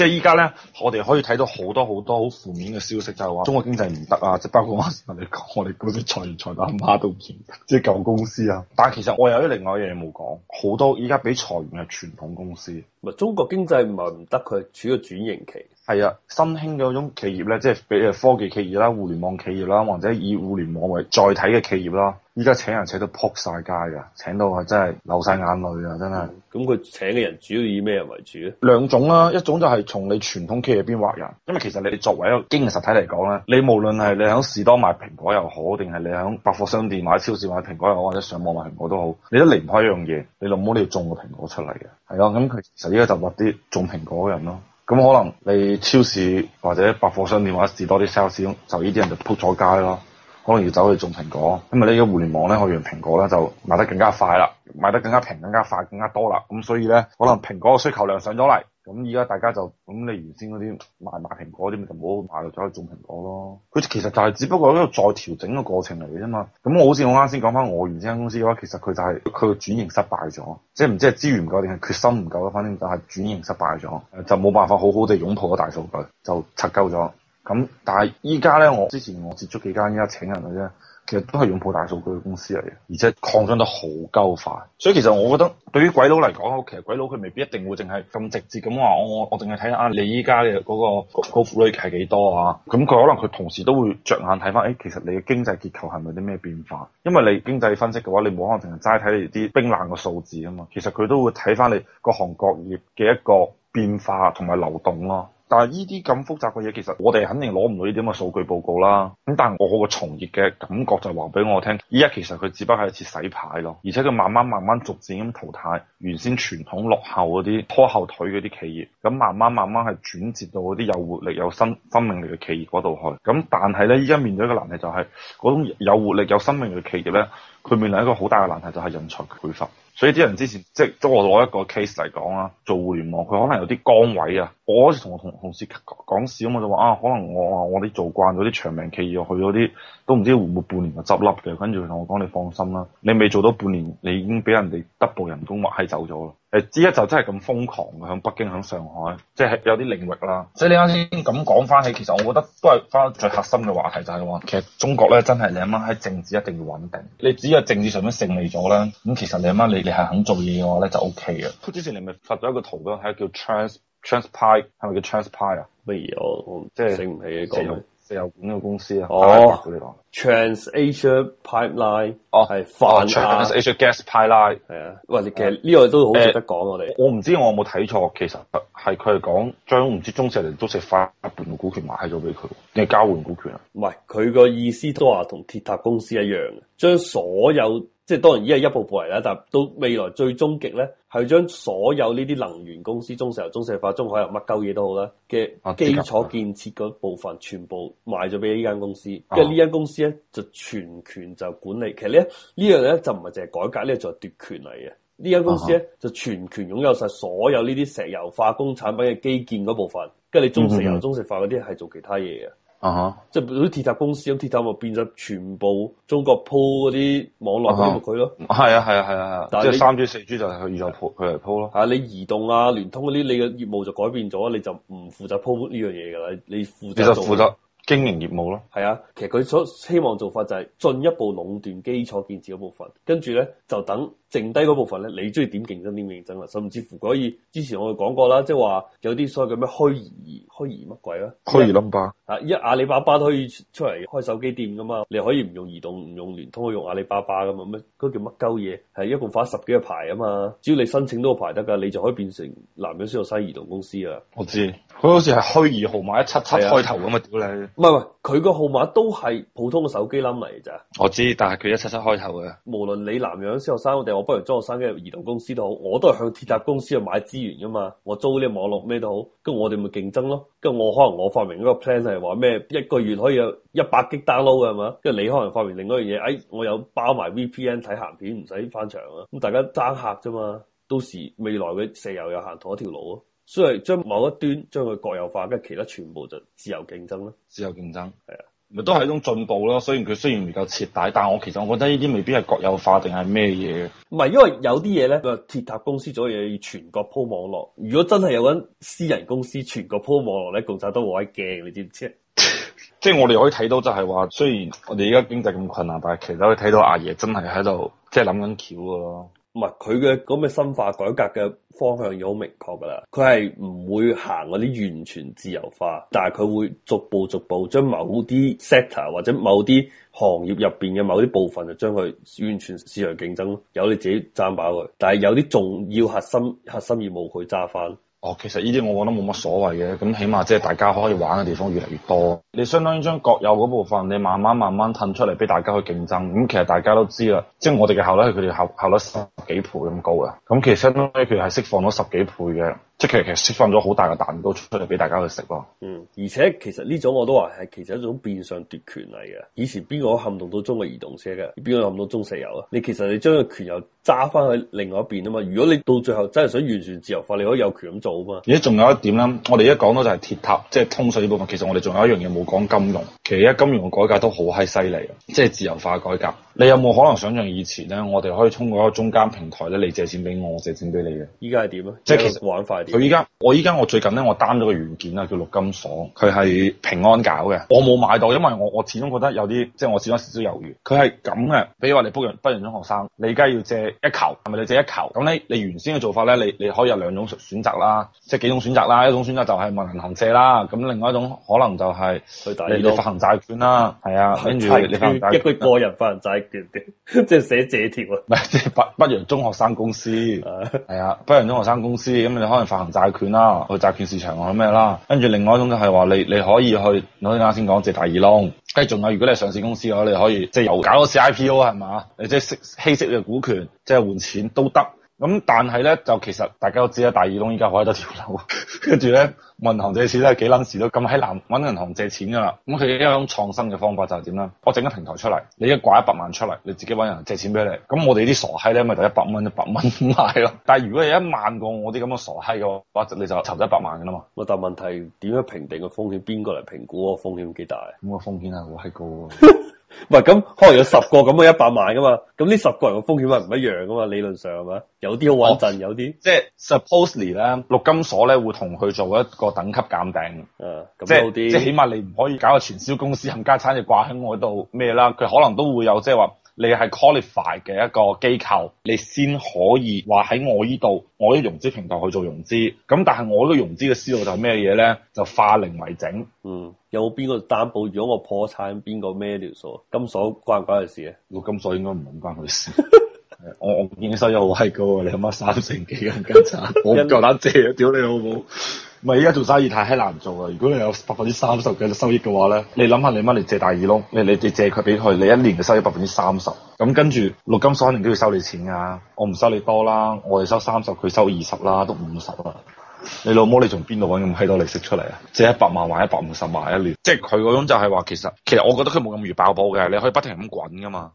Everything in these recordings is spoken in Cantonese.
即係依家咧，我哋可以睇到好多好多好負面嘅消息，就係話中國經濟唔得啊！即係包括我啱你講，我哋嗰啲裁員裁到阿媽都唔得，即係舊公司啊。但係其實我有啲另外一樣嘢冇講，好多依家俾裁員嘅傳統公司。唔係中國經濟唔係唔得，佢係處於個轉型期。係啊，新興嗰種企業咧，即係譬如科技企業啦、互聯網企業啦，或者以互聯網為載體嘅企業啦，依家請人請到撲晒街嘅，請到啊真係流晒眼淚啊，真係。咁佢、嗯、請嘅人主要以咩為主咧？兩種啦，一種就係從你傳統企業邊挖人，因為其實你作為一個經營實體嚟講咧，你無論係你喺士多買蘋果又好，定係你喺百貨商店買、超市買蘋果又好，或者上網買蘋果都好，你都離唔開一樣嘢，你諗好你要種個蘋果出嚟嘅，係咯。咁佢其實依家就挖啲種蘋果嘅人咯。咁、嗯、可能你超市或者百貨商店或者士多啲 sales，就呢啲人就撲咗街咯，可能要走去種蘋果，因為咧依家互聯網咧可以讓蘋果咧就賣得更加快啦，賣得更加平、更加快、更加多啦，咁所以咧可能蘋果嘅需求量上咗嚟。咁而家大家就咁，你原先嗰啲賣賣蘋果啲咪就冇賣咗，去種蘋果咯。佢其實就係只不過一個再調整嘅過程嚟嘅啫嘛。咁我好似我啱先講翻我原先間公司嘅話，其實佢就係佢轉型失敗咗，即係唔知係資源唔夠定係決心唔夠啦。反正就係轉型失敗咗，就冇辦法好好地擁抱咗大數據，就拆鳩咗。咁但係依家咧，我之前我接觸幾間，依家請人嘅啫。其實都係用擁抱數據嘅公司嚟嘅，而且擴張得好夠快。所以其實我覺得對於鬼佬嚟講，其實鬼佬佢未必一定會淨係咁直接咁話，我我我淨係睇下你依家嘅嗰個股 flow rate 係幾多啊？咁佢可能佢同時都會着眼睇翻，誒、欸，其實你嘅經濟結構係咪有啲咩變化？因為你經濟分析嘅話，你冇可能淨係齋睇你啲冰冷嘅數字啊嘛。其實佢都會睇翻你各行各業嘅一個變化同埋流動咯。但係呢啲咁複雜嘅嘢，其實我哋肯定攞唔到呢啲咁嘅數據報告啦。咁但係我個從業嘅感覺就話俾我聽，依家其實佢只不過係一次洗牌咯，而且佢慢慢慢慢逐漸咁淘汰原先傳統落後嗰啲拖後腿嗰啲企業，咁慢慢慢慢係轉接到嗰啲有活力有生生命力嘅企業嗰度去。咁但係呢，依家面對一個難題就係、是、嗰種有活力有生命力嘅企業呢。佢面臨一個好大嘅難題，就係、是、人才嘅匱乏。所以啲人之前，即係都我攞一個 case 嚟講啦，做互聯網佢可能有啲崗位啊。我嗰時同我同同事講事咁，我就話啊，可能我我啲做慣咗啲長命企業，去嗰啲都唔知會唔會半年就執笠嘅。跟住佢同我講：「你放心啦，你未做到半年，你已經俾人哋 double 人工挖閪走咗啦。誒，之一就真係咁瘋狂嘅，響北京、響上海，即係有啲領域啦。嗯、所以你啱先咁講翻起，其實我覺得都係翻最核心嘅話題就係、是、話，其實中國咧真係你阿媽喺政治一定要穩定。你只要政治上面勝利咗啦，咁其實你阿媽你你係肯做嘢嘅話咧就 O K 嘅。之前你咪發咗一個圖囉，係叫 trans transpire，係咪叫 transpire 啊有？嗯、不如我我即係醒唔起呢個。成那個有呢個公司、哦、你 Trans Asia Pipeline，啊，哦，TransAsia Pipeline，哦係泛亞 TransAsia Gas Pipeline，係啊，或者其實呢個都好值得講，呃，我哋我唔知我有冇睇錯，其實係佢係講將唔知中石油、中石化一半嘅股權買咗俾佢，定係、嗯、交換股權啊？唔係、嗯，佢個意思都話同鐵塔公司一樣，將所有。即係當然呢係一步步嚟啦，但到未來最終極咧，係將所有呢啲能源公司，中石油、中石化、中海油，乜鳩嘢都好啦嘅基礎建設嗰部分，全部賣咗俾呢間公司，因為呢間公司咧就全權就管理。其實咧呢樣咧、這個、就唔係淨係改革，呢係就奪權嚟嘅。呢、這、間、個、公司咧就全權擁有晒所有呢啲石油化工產品嘅基建嗰部分，跟住你中石油、嗯、哼中石化嗰啲係做其他嘢啊。啊哈！Uh huh. 即係啲鐵塔公司咁，鐵塔咪變咗全部中國鋪嗰啲網絡俾佢咯。係啊係啊係啊係！Huh. 即係三 G 四 G 就係佢，就以後鋪佢嚟鋪咯。吓你移動啊、聯通嗰、啊、啲，你嘅業務就改變咗，你就唔負責鋪呢樣嘢噶啦，你負責,你負責、啊。其實負責經營業務咯。係啊，其實佢所希望做法就係進一步壟斷基礎建設嗰部分，跟住咧就等。剩低嗰部分咧，你中意點競爭點競爭啦，甚至乎可以之前我哋講過啦，即係話有啲所謂嘅咩虛擬虛擬乜鬼啊？虛擬 number 啊，依家阿里巴巴都可以出嚟開手機店噶嘛，你可以唔用移動唔用聯通，可以用阿里巴巴噶嘛咩？嗰叫乜鳩嘢？係一共發十幾個牌啊嘛，只要你申請到個牌得噶，你就可以變成南洋小學生移動公司啊！我知，佢好似係虛擬號碼一七七開頭咁啊，屌你！唔係唔係，佢個號碼都係普通嘅手機 number 嚟咋？我知，但係佢一七七開頭嘅。無論你南洋小學生我不如裝個生嘅移動公司都好，我都係向鐵塔公司去買資源噶嘛，我租啲網絡咩都好，咁我哋咪競爭咯。咁我可能我發明嗰個 plan 係話咩一個月可以有一百 G download 嘅係嘛，跟住你可能發明另外一樣嘢，哎我有包埋 VPN 睇咸片唔使翻牆啊。咁大家爭客啫嘛，到時未來嘅石油又行同一條路咯啊。所以將某一端將佢國有化，跟住其他全部就自由競爭咯。自由競爭係啊。咪都係一種進步咯，雖然佢雖然唔夠徹底，但係我其實我覺得呢啲未必係國有化定係咩嘢。唔係，因為有啲嘢咧，個鐵塔公司做嘢要全國鋪網絡。如果真係有間私人公司全國鋪網絡咧，共產黨都好鬼驚你知唔知啊？ 即係我哋可以睇到，就係話，雖然我哋而家經濟咁困難，但係其實可以睇到阿爺，爺真係喺度即係諗緊橋嘅咯。就是唔係佢嘅咁嘅深化改革嘅方向有好明確噶啦，佢係唔會行嗰啲完全自由化，但係佢會逐步逐步將某啲 sector 或者某啲行業入邊嘅某啲部分就將佢完全市場競爭，由你自己爭飽佢，但係有啲重要核心核心業務佢揸翻。哦，其實呢啲我覺得冇乜所謂嘅，咁起碼即係大家可以玩嘅地方越嚟越多。你相當於將國有嗰部分，你慢慢慢慢褪出嚟俾大家去競爭。咁、嗯、其實大家都知啦，即係我哋嘅效率係佢哋效效率十幾倍咁高嘅。咁、嗯、其實相當於佢哋係釋放咗十幾倍嘅。即係其實釋放咗好大嘅蛋糕出嚟俾大家去食咯。嗯，而且其實呢種我都話係其實一種變相奪權嚟嘅。以前邊個撼動到中國移動車嘅？邊個撼動中石油啊？你其實你將個權又揸翻去另外一邊啊嘛。如果你到最後真係想完全自由化，你可以有權咁做啊嘛。而且仲有一點啦，我哋一講到就係鐵塔，即係通訊呢部分。其實我哋仲有一樣嘢冇講金融，其實一金融嘅改革都好閪犀利啊，即係自由化改革。你有冇可能想象以前咧，我哋可以通過一個中間平台咧，你借錢俾我，我借錢俾你嘅？依家係點咧？即係其實玩快啲。佢依家，我依家我最近咧，我擔咗個軟件啊，叫陸金所，佢係平安搞嘅。我冇買到，因為我我始終覺得有啲，即係我始終有少少猶豫。佢係咁嘅，比如話你人不不認中學生，你而家要借一球，係咪你借一球？咁咧，你原先嘅做法咧，你你可以有兩種選擇啦，即係幾種選擇啦。一種選擇就係問銀行借啦，咁另外一種可能就係、是、去第二度發行債券啦。係啊，跟住哇你發一個人發行債。 點點，即係寫借條啊！ 唔係，即係北北洋中學生公司，係 啊，北洋中學生公司，咁你可能發行債券啦，啊，去債券市場去咩啦？跟住另外一種就係話，你你可以去，我啱先講借大耳窿，跟住仲有，如果你係上市公司嘅，你可以即係又搞個 C I P O 係咪？你即係息稀釋嘅股權，即係換錢都得。咁、嗯、但係咧，就其實大家都知啦，大耳窿依家可以得跳樓，跟住咧，銀行借錢時都係幾撚時都咁喺南揾銀行借錢噶啦。咁、嗯、佢一種創新嘅方法就係點咧？我整個平台出嚟，你一掛一百萬出嚟，你自己揾人借錢俾你。咁、嗯、我哋啲傻閪咧，咪就一百蚊一百蚊賣咯。但係如果係一萬個我啲咁嘅傻閪嘅話，你就籌一百萬嘅啦嘛。咪但問題點樣評定個風險？邊個嚟評估啊？風險幾大？咁個風險係好閪高。喂，咁，可能有十個咁嘅一百萬噶嘛，咁呢十個人嘅風險係唔一樣噶嘛，理論上係嘛，有啲好穩陣，哦、有啲些即係 supposedly 啦，陸金所咧會同佢做一個等級鑑定，誒、嗯，好即係即係起碼你唔可以搞個傳銷公司冚家鏟，就掛喺我度咩啦，佢可能都會有即係話。你係 qualify 嘅一個機構，你先可以話喺我呢度，我啲融資平台去做融資。咁但係我呢個融資嘅思路就係咩嘢咧？就化零為整。嗯，有冇邊個擔保？如果我破產，邊個孭條數？金鎖關唔關佢事啊？個金鎖應該唔關佢事。 我我見收咗好閪高，你阿媽三成幾咁鬼渣，我唔夠膽借，屌你好冇！ 唔係，依家做生意太閪難做啦！如果你有百分之三十嘅收益嘅話咧，你諗下你乜嚟借大耳窿？你你你借佢俾佢，你一年嘅收益百分之三十，咁跟住陸金所肯定都要收你錢噶。我唔收你多啦，我哋收三十，佢收二十啦，都五十啦。你老母你從邊度揾咁閪多利息出嚟啊？借一百萬還一百五十萬一年，即係佢嗰種就係話其實其實我覺得佢冇咁易爆煲嘅，你可以不停咁滾噶嘛。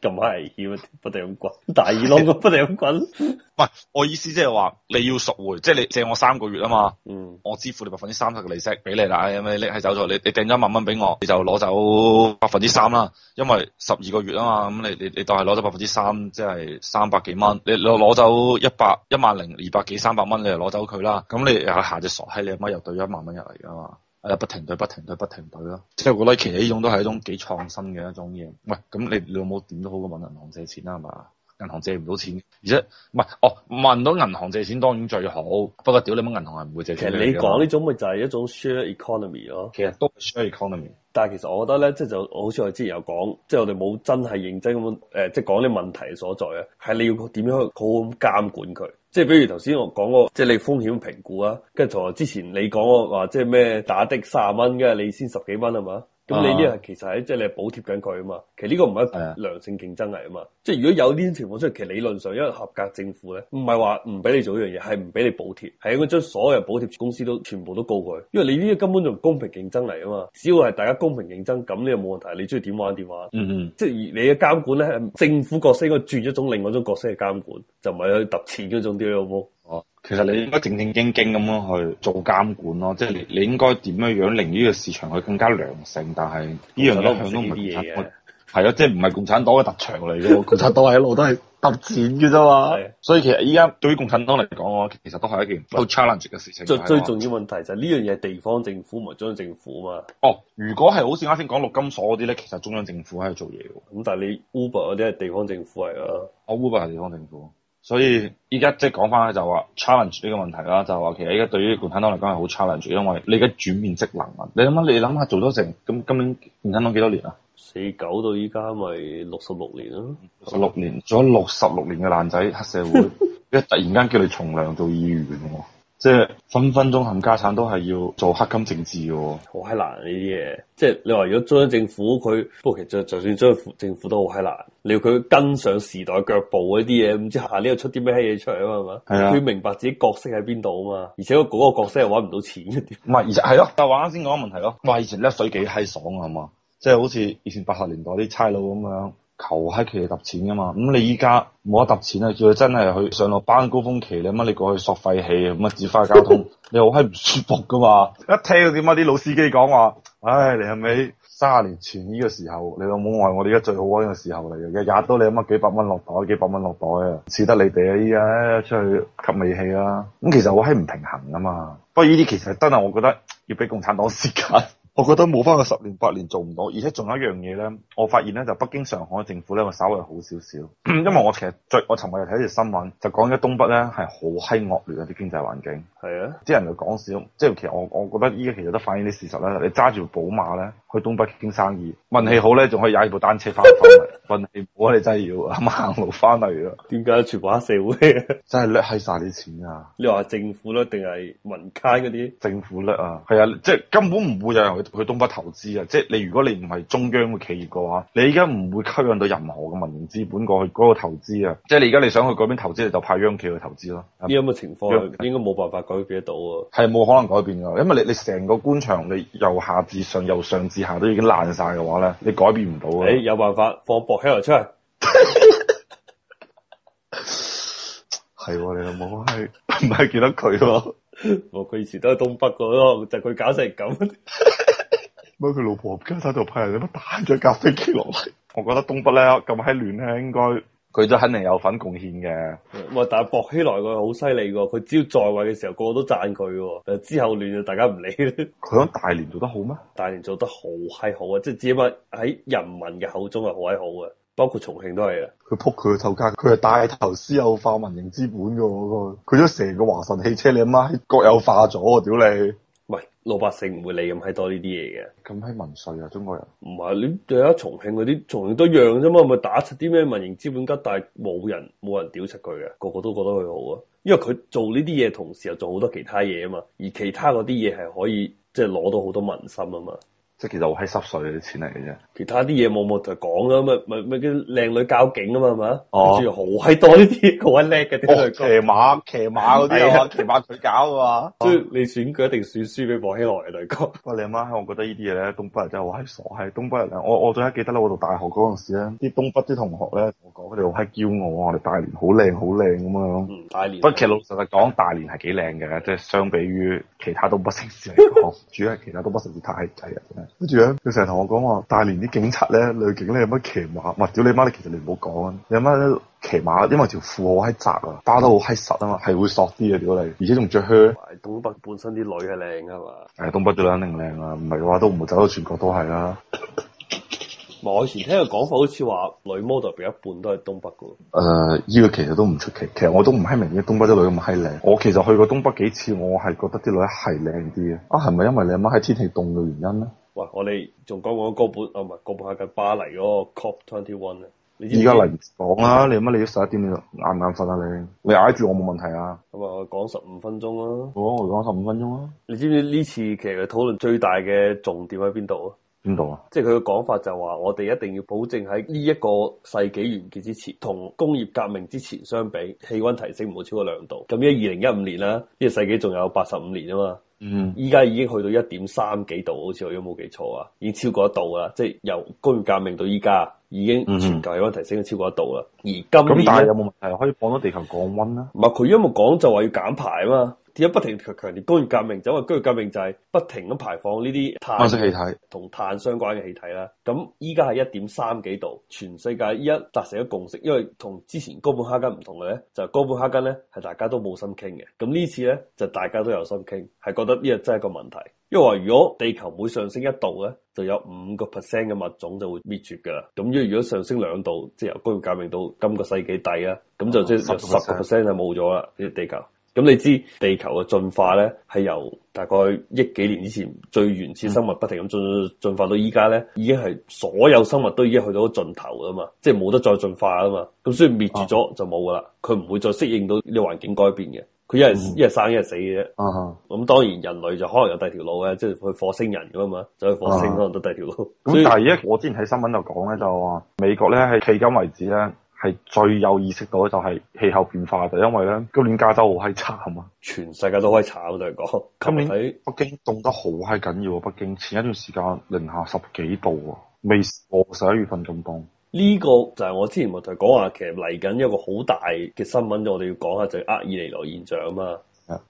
咁係要不停咁滾，大二窿不停咁滾。唔係， 我意思即係話，你要贖回，即係你借我三個月啊嘛。嗯。我支付你百分之三十嘅利息俾你啦。咁你拎起走咗，你你訂咗一萬蚊俾我，你就攞走百分之三啦。因為十二個月啊嘛，咁你你你當係攞咗百分之三，即係三百幾蚊。嗯、你你攞走一百一萬零二百幾三百蚊，你就攞走佢啦。咁你，你又下隻傻閪，你阿媽又懟咗一萬蚊入嚟噶嘛？誒 不停對，不停對，不停對咯，即係我覺得其實呢種都係一種幾創新嘅一種嘢。喂，咁你你有冇點都好過問銀行借錢啦，係嘛？銀行借唔到錢，而且唔係哦，問到銀行借錢當然最好，不過屌你媽銀行係唔會借錢。其實你講呢種咪就係一種 share economy 咯，其實都 share economy。但係其實我覺得咧，即係就好似我之前有講，即係我哋冇真係認真咁誒，即係講啲問題所在啊，係你要點樣去好好咁監管佢。即係比如頭先我講個，即係你風險評估啊，跟住同埋之前你講個話，即係咩打的三十蚊嘅，你先十幾蚊係嘛？咁你呢？係其實係即係你係補貼緊佢啊嘛。其實呢個唔係良性競爭嚟啊嘛。的即係如果有呢啲情況，即係其實理論上，因為合格政府咧，唔係話唔俾你做呢樣嘢，係唔俾你補貼，係應該將所有補貼公司都全部都告佢。因為你呢啲根本就唔公平競爭嚟啊嘛。只要係大家公平競爭，咁呢又冇問題。你中意點玩點玩，嗯嗯。即係你嘅監管咧，政府角色，應該轉一種另外一種角色嘅監管，就唔係去揼錢嗰種啲有冇？好其實你應該正正經經咁樣去做監管咯，即係你你應該點樣樣令呢個市場去更加良性，但係呢樣都向都唔得，係咯，即係唔係共產黨嘅特長嚟嘅？共產黨係一路都係特展嘅啫嘛。 的所以其實依家對於共產黨嚟講，我其實都係一件好 challenge 嘅事情。最的最重要問題就係呢樣嘢，地方政府唔係中央政府啊嘛。哦，如果係好似啱先講陸金所嗰啲咧，其實中央政府喺度做嘢嘅，咁但係你 Uber 嗰啲係地方政府嚟啊。啊，Uber 係地方政府。所以依家即係講翻咧，就話 challenge 呢個問題啦，就話其實依家對於共產黨嚟講係好 challenge，因為你而家轉變職能啊！你諗下，你諗下做咗成咁今年共產黨幾多年啊？四九到依家咪六十六年咯，六十六年做咗六十六年嘅爛仔黑社會，一 突然間叫你從良做議員即係分分鐘冚家產都係要做黑金政治，哦，好閪難呢啲嘢。即係你話如果中央政府佢，不過其實就算中央政府都好閪難，你要佢跟上時代腳步嗰啲嘢，唔知下呢度出啲咩嘢出嚟啊嘛，係嘛？佢明白自己角色喺邊度啊嘛？而且嗰個角色又搵唔到錢，唔係，而且係咯，啊、但係話啱先講嘅問題咯。哇以前甩水幾閪爽啊，係嘛？即係好似以前八十年代啲差佬咁樣。求喺期嚟揼錢噶嘛，咁你依家冇得揼錢啊，叫佢真係去上落班高峰期你乜你過去索廢氣啊，咁啊指揮交通，你好閪唔舒服噶嘛！ 一聽到點解啲老司機講話，唉，你係咪卅年前呢個時候，你老母話我哋而家最好嗰陣時候嚟嘅，日日都你乜幾百蚊落袋，幾百蚊落袋啊，似得你哋啊！依家出去吸尾氣啦、啊，咁其實我閪唔平衡啊嘛，不過呢啲其實真係我覺得要俾共產黨時間。 我覺得冇翻個十年八年做唔到，而且仲有一樣嘢咧，我發現咧就是、北京、上海政府咧會稍微好少少，因為我其實最我尋日又睇條新聞，就講緊東北咧係好閪惡劣嗰啲經濟環境。係啊！啲人就講笑，即係其實我我覺得依家其實都反映啲事實咧。你揸住部寶馬咧去東北傾生意，運氣好咧仲可以踩部單車翻翻嚟，運 氣唔好你真係要阿、啊、行路翻嚟咯。點解全部黑社會 真係叻曬晒啲錢啊！你話政府咯，定係民間嗰啲？政府叻啊！係啊，即係根本唔會有人去東北投資啊！即係你如果你唔係中央嘅企業嘅話，你而家唔會吸引到任何嘅民營資本過去嗰個投資啊！即係你而家你想去嗰邊投資，你就派央企去投資咯。呢咁嘅情況應該冇辦法改變得到，啊，係冇可能改變噶，因為你你成個官場你由下至上由上至下都已經爛晒嘅話咧，你改變唔到啊。你有辦法放薄熙來出嚟？係你又冇去，唔係見得佢咯？我佢 以前都係東北個咯，就佢、是、搞成咁。 乜佢老婆家產度派人乜打咗架飛機落嚟？ 我覺得東北咧咁閪亂咧，應該佢都肯定有份貢獻嘅。喂，但係薄熙來佢好犀利嘅，佢只要在位嘅時候，個個都讚佢嘅。之後亂就大家唔理。佢響大連做得好咩？大連做得好閪好啊！即係只不過喺人民嘅口中係好閪好啊。包括重慶都係啊，佢扑佢個頭家，佢係帶頭私有化民營資本嘅、嗰個，佢都成個華晨汽車，你阿媽國有化咗啊！屌你！喂，老百姓唔會理咁閪多呢啲嘢嘅，咁閪民粹啊！中國人唔係，你睇下重慶嗰啲，重慶都一樣啫嘛，咪打柒啲咩民營資本家，但係冇人冇人屌出佢嘅，個個都覺得佢好啊，因為佢做呢啲嘢同時又做好多其他嘢啊嘛，而其他嗰啲嘢係可以即係攞到好多民心啊嘛。即係其實我閪濕碎嘅啲錢嚟嘅啫，其他啲嘢冇冇就係講咯，咪咪啲靚女交警啊嘛，係咪？啊？哦，主要好閪多呢啲，好閪叻嘅啲嚟講。哦，騎馬騎馬嗰啲啊嘛，騎馬隊 搞啊嘛。即 以、嗯、你選舉一定選輸俾薄熙來嚟講。喂， 你阿媽，媽，我覺得呢啲嘢咧，東北人真係好閪傻。係東北人我我最記得咧，我讀大學嗰陣時咧，啲東北啲同學咧我講，佢哋好閪驕傲啊，我哋大連好靚好靚咁啊。嗯，大連。不過其實老實講，大連係幾靚嘅，即係相比於其他東北城市嚟講，主要係其他東北城市太閪啊。 跟住咧，佢成日同我講話，大連啲警察咧、女警咧有乜騎馬？唔係，屌你媽！你其實你唔好講啊！你阿媽咧騎馬，因為條褲好閪窄啊，包得好閪實啊嘛，係會索啲啊屌你，而且仲着靴。東北本身啲女係靚啊嘛？誒，東北啲女人靚啊，唔係嘅話都唔會走到全國都係啦、啊。我以前聽佢講法，好似話女模特兒一半都係東北噶。誒、呃，依、這個其實都唔出奇。其實我都唔閪明嘅，東北啲女咁閪靚。我其實去過東北幾次，我係覺得啲女係靚啲嘅。啊，係咪因為你阿媽喺天氣凍嘅原因咧？哇！我哋仲講講個本，啊唔係個本喺緊巴黎嗰個 COP Twenty One 咧。你知唔知？依家嚟講啦，你乜你都十一點，你晏唔晏瞓啊？你你挨住我冇問題啊。咁啊，講十五分鐘啦、啊。好，我哋講十五分鐘啦、啊。你知唔知呢次其實討論最大嘅重點喺邊度啊？邊度啊？即係佢嘅講法就話，我哋一定要保證喺呢一個世紀完結之前，同工業革命之前相比，氣溫提升唔好超過兩度。咁而二零一五年啦，呢個世紀仲有八十五年啊嘛。嗯，依家已經去到一點三幾度，好似我有冇記錯啊，已經超過一度啦。即係由工業革命到依家，已經全球氣溫提升咗超過一度啦。而今年咁但係有冇問題？可以放到地球降溫啊？唔係佢有冇講就話要減排啊嘛。而家不停強調工業革命，就是、因為工業革命就係不停咁排放呢啲碳質氣體同碳相關嘅氣體啦。咁依家係一點三幾度，全世界依家達成咗共識，因為同之前哥本哈根唔同嘅咧，就係、哥本哈根咧係大家都冇心傾嘅。咁呢次咧就大家都有心傾，係覺得呢個真係一個問題。因為話如果地球每上升一度咧，就有五個 percent 嘅物種就會滅絕噶啦。咁因為如果上升兩度，即、就、係、是、由工業革命到今個世紀底啦，咁就即係十個 percent 係冇咗啦，呢個地球。咁你知地球嘅進化咧，係由大概億幾年之前最原始生物不停咁進進化到依家咧，已經係所有生物都已經去到盡頭啦嘛，即係冇得再進化啊嘛。咁所以滅絕咗就冇噶啦，佢唔、啊、會再適應到呢個環境改變嘅，佢一係、嗯、一係生一係死嘅啫。咁、啊、哈 當然人類就可能有第二條路嘅，即係去火星人咁啊嘛，走去火星可能都第二條路。咁、啊、哈 以但係而家我之前喺新聞度講咧，就話、是、美國咧係迄今為止咧。係最有意識到就係氣候變化，就因為咧今年加州好係慘啊，全世界都係慘，我就講。今年喺 北京凍得好係緊要喎，北京前一段時間零下十幾度喎，未過十一月份咁凍。呢個就係我之前咪就係講話，其實嚟緊一個好大嘅新聞，我哋要講下就係厄爾尼諾現象啊嘛。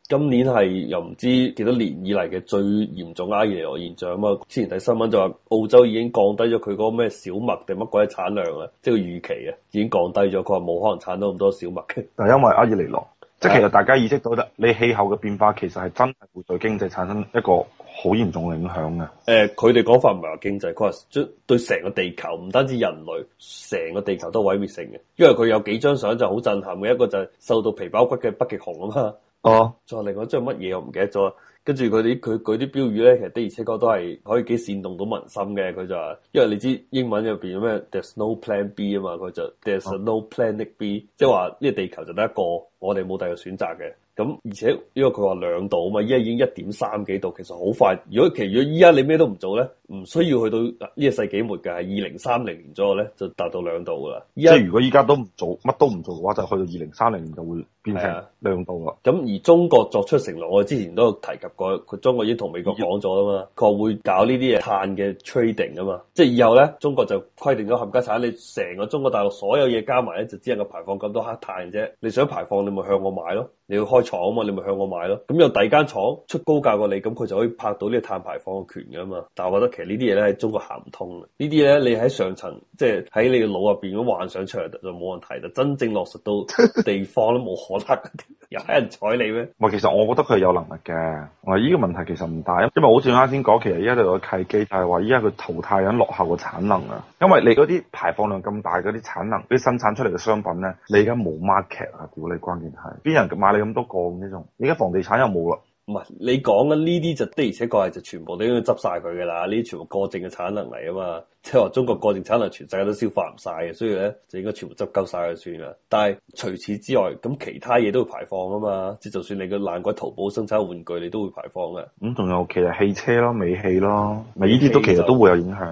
今年係又唔知幾多年以嚟嘅最嚴重厄爾尼諾現象啊嘛。之前睇新聞就話澳洲已經降低咗佢嗰個咩小麥定乜鬼產量啊，即係預期啊，已經降低咗。佢話冇可能產到咁多小麥嘅。但係因為厄爾尼諾，即係其實大家意識到得，的你氣候嘅變化其實係真係會對經濟產生一個好嚴重嘅影響嘅。誒、呃，佢哋講法唔係話經濟，佢話對對成個地球唔單止人類，成個地球都毀滅性嘅。因為佢有幾張相就好震撼，一個就係受到皮包骨嘅北極熊啊嘛。哦，再、oh. 另外一張乜嘢我唔記得咗，跟住佢啲佢佢啲標語咧，其實的而且確都係可以幾煽動到民心嘅。佢就，因為你知英文入邊有咩 There's no plan B 啊嘛，佢就 There's no planet B，即係話呢個地球就得一個，我哋冇第二個選擇嘅。咁而且因為佢話兩度啊嘛，依家已經一點三幾度，其實好快。如果其實依家你咩都唔做咧，唔需要去到呢個世紀末嘅，係二零三零年左右咧就達到兩度噶啦。依家如果依家都唔做，乜都唔做嘅話，就去到二零三零年就會變成兩度啦。咁、啊、而中國作出承諾，我哋之前都有提及過，佢中國已經同美國講咗啊嘛，佢會搞呢啲嘢碳嘅 trading 啊嘛，即係以後咧，中國就規定咗冚家產，你成個中國大陸所有嘢加埋咧就只能夠排放咁多黑碳啫。你想排放你咪向我買咯，你要開廠啊嘛，你咪向我買咯。咁有第二間廠出高價過你，咁佢就可以拍到呢個碳排放嘅權噶嘛。但係我覺得其實呢啲嘢咧係中國行唔通嘅。呢啲嘢咧你喺上層即係喺你嘅腦入邊幻想出嚟就冇問題，但真正落實到地方都冇 可能，有冇人睬你咩？係，其實我覺得佢係有能力嘅。我話呢個問題其實唔大，因為好似我啱先講，其實依家有個契機就係話依家佢淘汰緊落後嘅產能啊。因為你嗰啲排放量咁大，嗰啲產能啲生產出嚟嘅商品咧，你而家冇 market 啊，估你關鍵係邊人買你咁多放呢種，而家房地產又冇啦。唔係你講緊呢啲就的而且確係就全部都應該執晒佢嘅啦。呢啲全部過剩嘅產能嚟啊嘛，即係話中國過剩產能全世界都消化唔晒嘅，所以咧就應該全部執夠晒就算啦。但係除此之外，咁其他嘢都會排放啊嘛。即就算你個爛鬼淘寶生產玩具，你都會排放嘅。咁仲、嗯、有其實汽車咯，尾氣咯，咪呢啲都其實都會有影響。